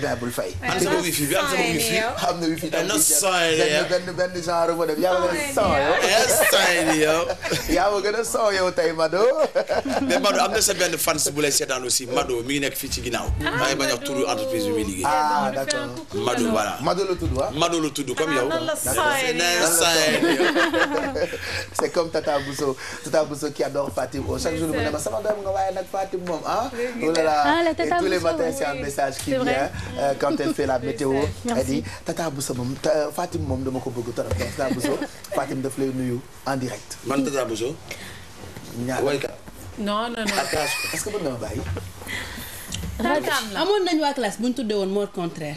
daa eh, bul fay. am na wifi bi na wifi. benn benn genre mu dem yaa ma gën a soow yow. yaa ma am na sa benn fans bu lay seetaan Mado mi ngi nekk fii ci ginnaaw. Ah, maa ngi bañ a turu entreprise bi muy liggéey. ah d'accord Mado voilà. Mado la tudd wa. Mado la tudd comme ah, yow. comme Tata Bousso Tata Bousso qui adore Fatim oh, chaque jour mu ne ma sama doom nga waaye nag Fatim moom oh ah. léegi et tous les matins c'est un message qui vient euh, quand elle fait la météo. elle dit Tata Bousso moom Fatim moom dama ko bëgg torop donc Tata Bousso Fatim daf lay nuyu en direct. man Tata Bousso. ñaar waykat. non non non est-ce que mën na ma bàyyi. amoon nañu waa classe bu ñu tuddee woon mot contraire.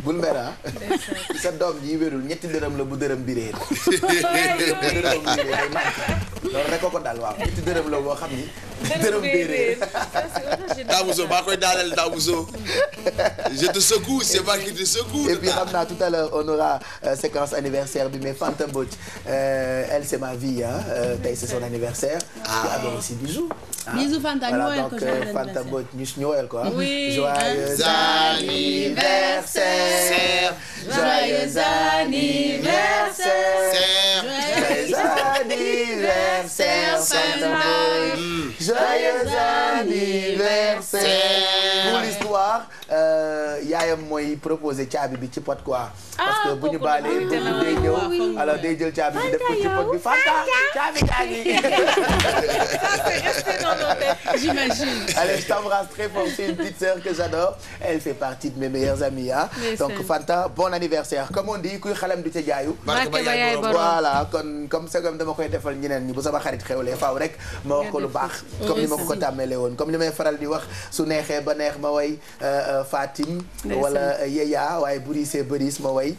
bul mer ah. sa doom ji wérul ñetti dërëm la bu dërëm bi dërëm bi réer loolu rek ko ko daal waaw ñetti dërëm la boo xam ni. dërëm bi réer Daamuso maa koy daaneel Daamuso. je te secoue c'est moi qui te secoue. et puis xam naa tout à l'heure on aura euh, séquence anniversaire bi mais Fanta Mbodj euh, elle c'est ma vie ah euh, tey c'est son anniversaire. ah alors aussi bijou. Ah. bisous Fanta ñu woyal ko joyeux Fanta Mbodj ñu woyal ko ah. joyeux anniversaire. joyeux anniversaire. joyeux anniversaire Fanta Mbodj. joyeux anniversaire. Euh, yaayam mooy proposé caabi bi ci pot quoi. Ah, parce bu ñu baalee bu day jël caabi bi def ko ci pot bi Fanta caabi gaa ngi. j'imagine. Allez, je t'embrasse très fort, c'est une petite sœur que j'adore. Elle fait partie de mes meilleures amies ah. donc Fanta bon anniversaire comme on di kuy xalam di ca jaayu. voilà kon comme sagam dama koy defal ñeneen ñi bu sama xarit xewlee faaw rek ma wax lu baax. comme ni ma ko ko tàmmalee woon comme li may faral di wax su neexee ba neex ma way. Euh, euh, Fatim wala euh, Yeya waaye Bourise Beuris ma way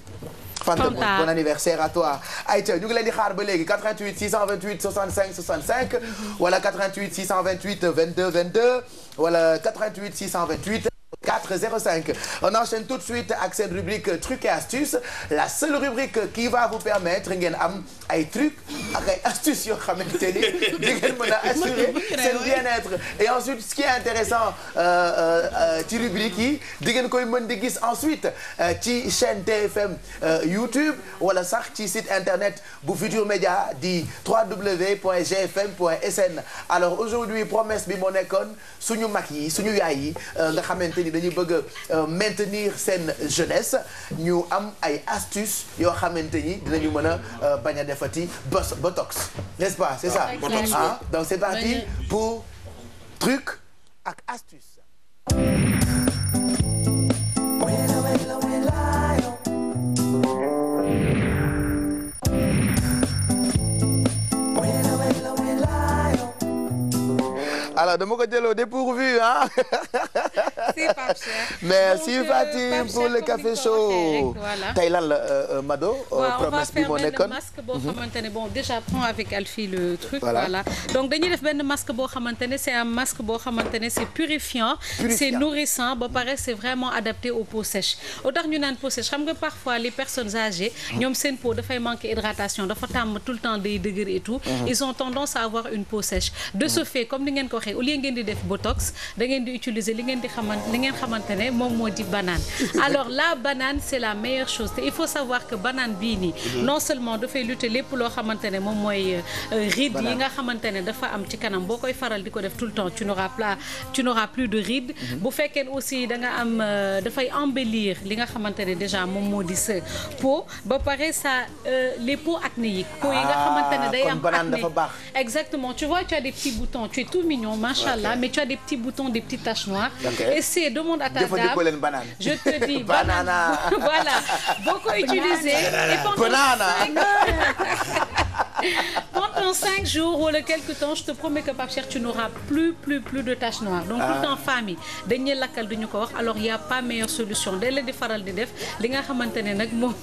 Fanta bon anniversaire à toi Aïcha ñu ngi leen di xaar ba léegi 88 628 65 65 wala 88 628 22 22 wala 88 628 405 on enchaîne tout de suite ak seen rubrique trucs et astuces la seule rubrique qui va vous permettre ngeen am ay trucs ak ay astuces yoo xamante ni di ngeen mën a bien-être et ensuite ce qui est intéressant euh, euh, euh, ci rubrique yi di ngeen koy mën di gis ensuite ci chaîne TFM YouTube wala sax ci site internet bu future Média di www.gfm.sn alors aujourd'hui promesse bi moo nekkoon suñu mag yi suñu yaay yi nga xamante ni ni dañuy bëgg a euh, maintenir seen jeunesse ñu am ay astuces yoo xamante ni dinañu mën a euh, bañ a defati bos botox n'est-ce pas c'est ça ah donc c'est parti pour truc ak voilà dama ko jëloo dépourvu ah. merci euh, pour le café chaud. tey la euh, euh, Mado. promesse bi moo nekkoon waaw on va faire benn masque boo mhm. xamante ne bon déjà prends avec Alfie le truc. voilà donc dañuy def benn masque boo xamante ne c'est un masque boo xamante ne c'est purifiant. c'est nourrissant ba pare c'est vraiment adapté aux peaux sèches. au tax ñu naan peau sèche xam nga parfois les seen peau dafay manquer hydratation dafa tàmm tout le temps day dëgër et tout. Mhm. ils ont tendance à avoir une peau sèche. de ce mhm. fait comme ni au lieu ngeen di def botox da ngeen li ngeen di xamante li ngeen xamante ne moom moo di banane. alors la banane c' est la meilleure chose te il faut savoir que banane bii nii. Mm-hmm. non seulement dafay lutter lépp loo xamante ne moom mooy. Euh, euh, rides yi nga xamante ne dafa am ci kanam boo koy faral di ko def tout le temps tu n'auras pas tu plus de rides. Mm-hmm. bu fekkee aussi da nga am euh, dafay embellir li nga xamante ne déjà moom moo di sa peau ba pare ça les peaux acnéiques. peau yi nga ah, xamante day am acné exactement tu vois tu machallah mais tu as des petits boutons des petites taches noires eh, essaie demande à ta dame je te dis banane voilà boo ko utiliser banane en cinq jours wala quelque temps je te promets que Pape tu n'auras plus plus plus de taches noires donc tout le ah. temps femmes yi dañuy lakkal ko wax alors y a pas meilleure solution day leen di faral def li nga xamante ne nag moom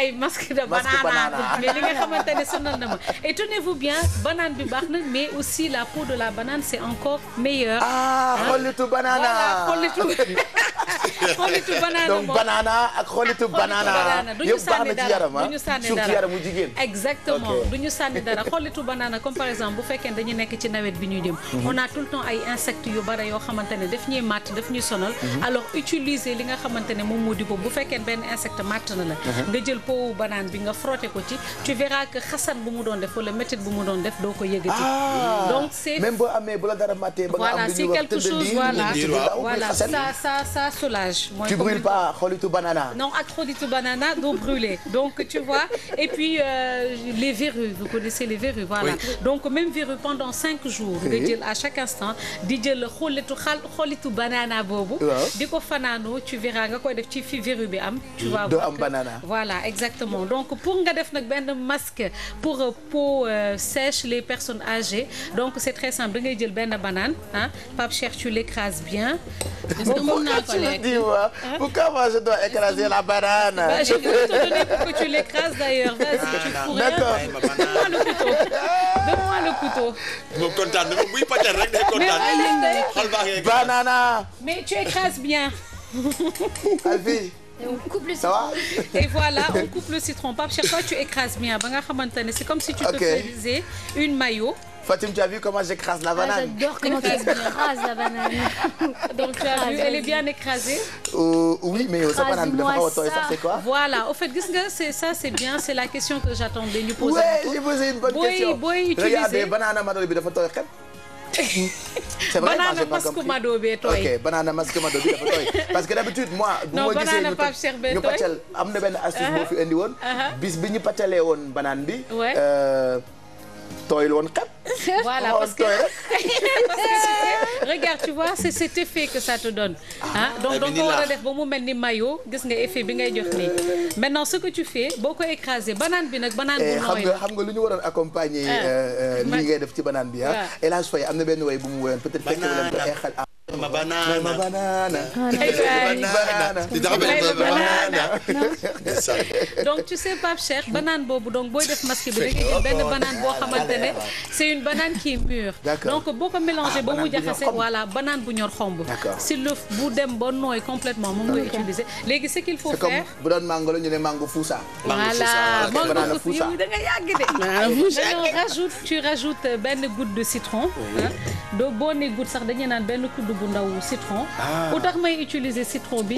ay masque de banana mais li nga xamante ne sonal na ma et tenez-vous bien banane bi baax na mais aussi la peau de la banane c'est encore meilleur ah donc banana ak xollitu banana yëpp baax na ci dara banaana comme par exemple bu fekkee dañu nekk ci nawet bi ñu jëm mhm. on a tout temps ay insectes yu bare yoo xamante daf ñuy màtt daf ñuy sonal mhm. alors utiliser li nga xamante ne moom moo di boobu bu fekkee benn insecte màtt na la mhm. nga jël powu banaan bi nga frotter ko ci tu verras que xasan bu mu doon def wala métit bu mu doon def doo ko yëgati ah. donc c'est même c'est quelque chose mooy tu brûles pas xolitu banana non ak xolitu banana doo brûler c'est les verrues voilà donc même verrue pendant cinq jours nga jël à chaque instant di jël xolitu xal banana boobu di ko fanaanoo tu verras nga ko def ci fi verrue bi am tu vas voir voilà exactement donc pour nga def nag benn masque pour euh, peau euh, sèche les personnes âgées donc c'est très simple da ngay jël benn banane ah Pape Cheikh tu l'écrases bien pourquoi je dois écraser la banane bah, je d'ailleurs ah, vas-y couteau donne-moi le couteau. moom kontaan na buy patel rek day kontaan. mais banana. mais tu écrases bien. Alphie. on coupe le citron. et voilà on coupe le citron Pape Cheikh toi tu écrases bien ba nga xamante ne c'est comme si tu te faisais une mayo. Fatim, tu as vu comment j'écrase la ah, banane ah, J'adore comment tu écrases la banane. Donc tu as vu, elle est bien écrasée. Euh, oui, mais sa banane bi dafa xaw a tooy sax c'est quoi Voilà, au fait gis nga c'est ça c'est bien, c'est la question que j'attendais ñu poser. Ouais, j'ai posé une bonne boy, question. Booy utiliser Regardez, banane madame bi dafa tooy xep. c'est vrai banana masque mado bee tooy ok banana masque mado bi dafa tooy parce que d'habitude moi. bu ma gisee ñu pàcc ñu pàccal am na benn astuce boo uh-huh. fi indi woon. Uh-huh. bis bi ñu pàccalee woon banane bi. Euh, tooyul woon xet. voilà oh, parce que regarde tu vois c'est cet effet que ça te donne. Ah. donc eh, donc war a def ba mu mel ni mayo gis nga effet bi ngay jox nii. nan ce que tu fais boo ko écrasé banaan bi nag banaan bu eh, xam la xam nga lu ñu waroon accompagner. Ah. Euh, euh, li ngay def ci banaan bi ah. El ah. Hadj am na benn way bu mu woyoon peut fekk na leen ko xel ma banana ma banana. donc tu sais Pape Cheikh banane boobu donc booy def masque bi da ngay jël benn banane boo xamante ne c'est une banane qui est mûre. donc boo ko mélangé ba ah, mu jaxase voilà banane bu ñor xomb. si lëf bu dem ba nooy complètement moom ngay utiliser léegi ce qu'il faut faire. bu doon mango la ñu ne mango fuusa. voilà mango fuusa yow da nga yàgg de. alors ah, rajoute tu euh, de citron. doo boo nee goutte sax bu ndaw citron. Ah. lu tax may utiliser citron bi.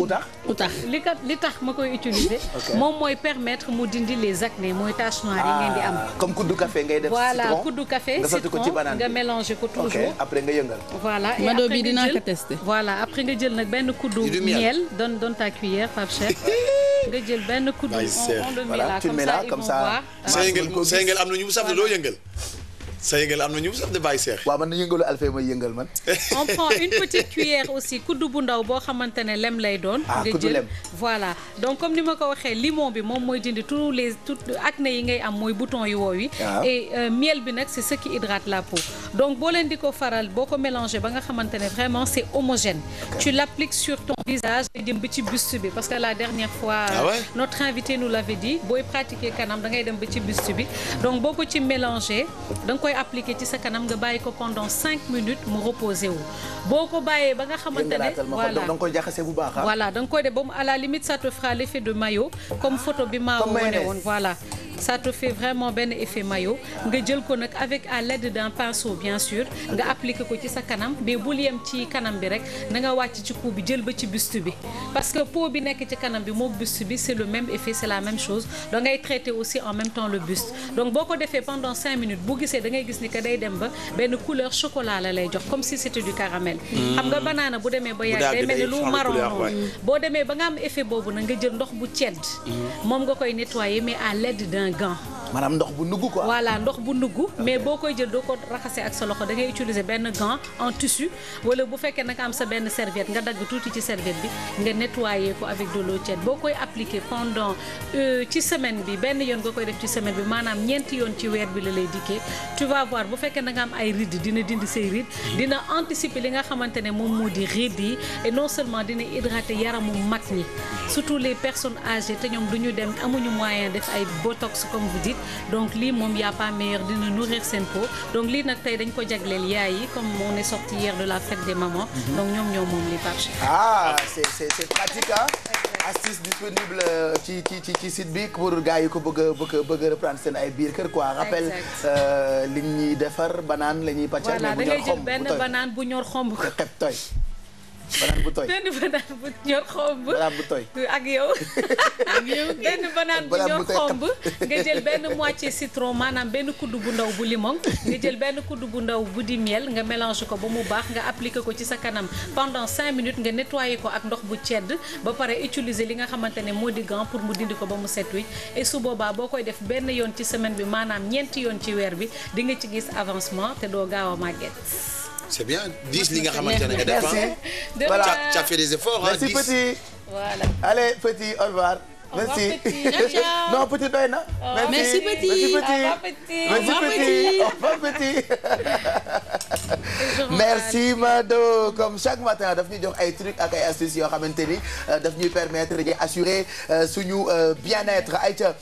lu tax li kat li tax ma koy utiliser. moom mooy permettre mu dindi les acné mooy taches noires yi ngeen di am. Ah, comme kuddu café nga def. voilà kuddu café citron nga mélanger ko toujours. après nga yëngal. voilà et mado bi dinaa voilà après nga jël nag benn kuddu. miel don don ta cuillère Pape Cheikh. nga jël benn kuddu. on on le met là comme ça yëngal am na ñu bu saf loo yëngal. sa yëngal am na ñu sax di bàyyi seex. man na yëngalu alfay yëngal man. on prend une petite cuillère aussi kudd bu ndaw boo xamante ne lem lay doon. ah kudd voilà donc comme ni ma ko waxee limon bi moom mooy dindi tous les tout acné yi ngay am mooy bouton yu woow yi. Ah. et euh, miel bi nag c' est ce hydrate la peau. donc boo leen di ko faral boo ko mélangé ba nga xamante ne vraiment c' est homogène. tu l' appliques sur ton visage jëm ba ci buste bi parce que la dernière fois. Ah notre invité nous l' avait dit booy pratiquer da ngay dem ba ci buste bi donc boo ko ci mélangé da ko koy appliquer ci sa kanam nga bàyyi ko pendant cinq minutes mu reposer wu boo ko bàyyee ba nga xamante ne voilà da koy bu baax ah. voilà da nga koy def ba mu à la limite ça te fera l'effet de maillot comme photo bi maa wone woon voilà ça te fait vraiment benn effet maillot nga jël ko nag avec à l'aide d'un pinceau bien sûr nga appliquer ko ci sa kanam mais bul yem ci kanam bi rek na nga wàcc ci cou bi jël ba ci buste bi parce que peau bi nekk ci kanam bi mook buste bi c'est le même effet c'est la même chose da ngay traiter aussi en même temps le buste donc boo ko defee pendant cinq minutes bu gisee da gis ni que day dem ba benn couleur chocolat la lay jox comme si c'était du caramel hmm. ba yàgg day mel ni lu marron boo demee ba nga am effet boobu na nga jël ndox bu un gant maanaam ndox bu nugg ko voilà ndox bu nugg mais boo koy jël doo ko raxasee ak sa loxo dangay ngay utiliser benn gant en tissu wala bu fekkee nag am sa benn serviette nga dagg tuuti ci serviette bi nga nettoyer ko avec de l'eau boo koy appliquer pendant euh, ci semaine bi benn yoon nga koy def ci semaine bi maanaam ñeenti yoon ci weer bi la lay dikkee tu vas voir bu fekkee da nga am ay rides dina dindi say rides dina anticiper li nga xamante ne moom moo di rides yi et non seulement dina hydrater yaramu mag ñi surtout les personnes âgées te ñoom du ñu dem amuñu moyen def ay botox comme vous donc lii moom y a pas meilleur dina nourrir seen peau donc lii nag tey dañ ko jagleel yaay yi comme on est sorti hier de la fête des mamans. Mhm. donc ñoom ñoom moom li Pape ah c' est c' est, c' est pratique ah. disponible euh, ci ci ci ci site bi pour gars yi ko bëgg a bëgg bëgg a reprendre seen ay biir kër quoi. rappel euh, li ñuy defar banaan la ñuy pàccal. mais bu ñor xomb voilà da ngay bu ñor xomb. xepp tooy. banaan bu tooy benn banaan bu ñor xomb. banaan bu tooy ak yow. ak yow benn banaan bu ñor xomb. nga jël benn moitié citron maanaam benn kudd bu ndaw bu limon. nga jël benn kudd bu ndaw bu di miel nga mélange ko ba mu baax nga appliqué ko ci sa kanam pendant 5 minutes nga nettoyé ko ak ndox bu cedd ba pare utiliser li nga xamante ne moo di gant pour mu dindi ko ba mu set wicc et su boobaa boo koy def benn yoon ci semaine bi maanaam ñeenti yoon ci weer bi di nga ci gis avancement te doo gaaw a màgget. c'est bien dix li nga xamante ne nga def voilà tu as fait des efforts merci petit voilà merci na. merci petit merci petit merci Mado comme chaque matin daf ñuy jox ay trucs ak ay astuces yoo xamante ni euh, daf ñuy permettre di assurer euh, suñu euh, bien-être ayca